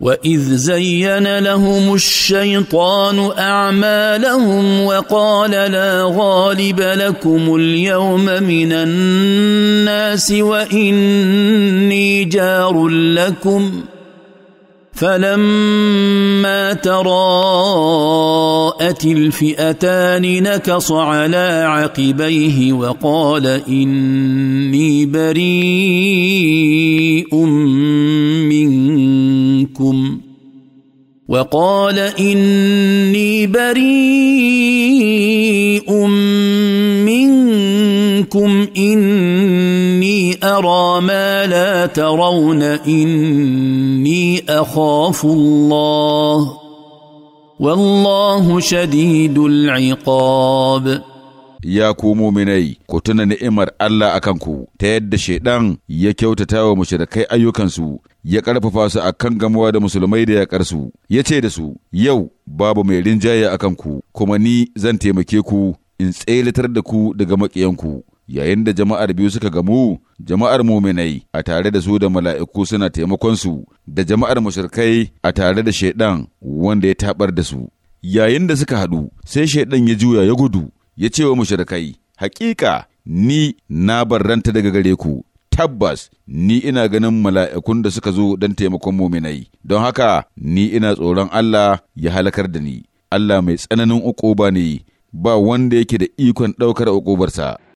واذ زين لهم الشيطان اعمالهم وقال لا غالب لكم اليوم من الناس واني جار لكم فلما تراءت الفئتان نكص على عقبيه وقال اني بريء منكم وقال اني بريء منكم اني ارى ما لا ترون اني اخاف الله والله شديد العقاب ya ku muminai ku tuna ni'imar Allah a kanku ta yadda shaidan ya kyautata wa mushrikai ayyukansu ya ƙarfafa su a kan gamuwa da musulmai da yaƙarsu ya ce da su yau babu mai rinjaye a kanku kuma ni zan taimake ku in tselitar da ku daga maƙiyanku yayin da jama'ar biyu suka gamu jama'ar muminai a tare da su da mala'iku suna taimakonsu da jama'ar mushrikai a tare da shaidan wanda ya tabar da su yayin da suka haɗu sai shaidan ya juya ya gudu ya ce wa mushrikai hakika ni na barranta daga gare ku tabbas ni ina ganin mala'ikun da suka zo don taimakon muminai, don haka ni ina tsoron Allah ya halakar da ni, Allah mai tsananin uƙuba ne, ba wanda yake da ikon ɗaukar uƙubarsa.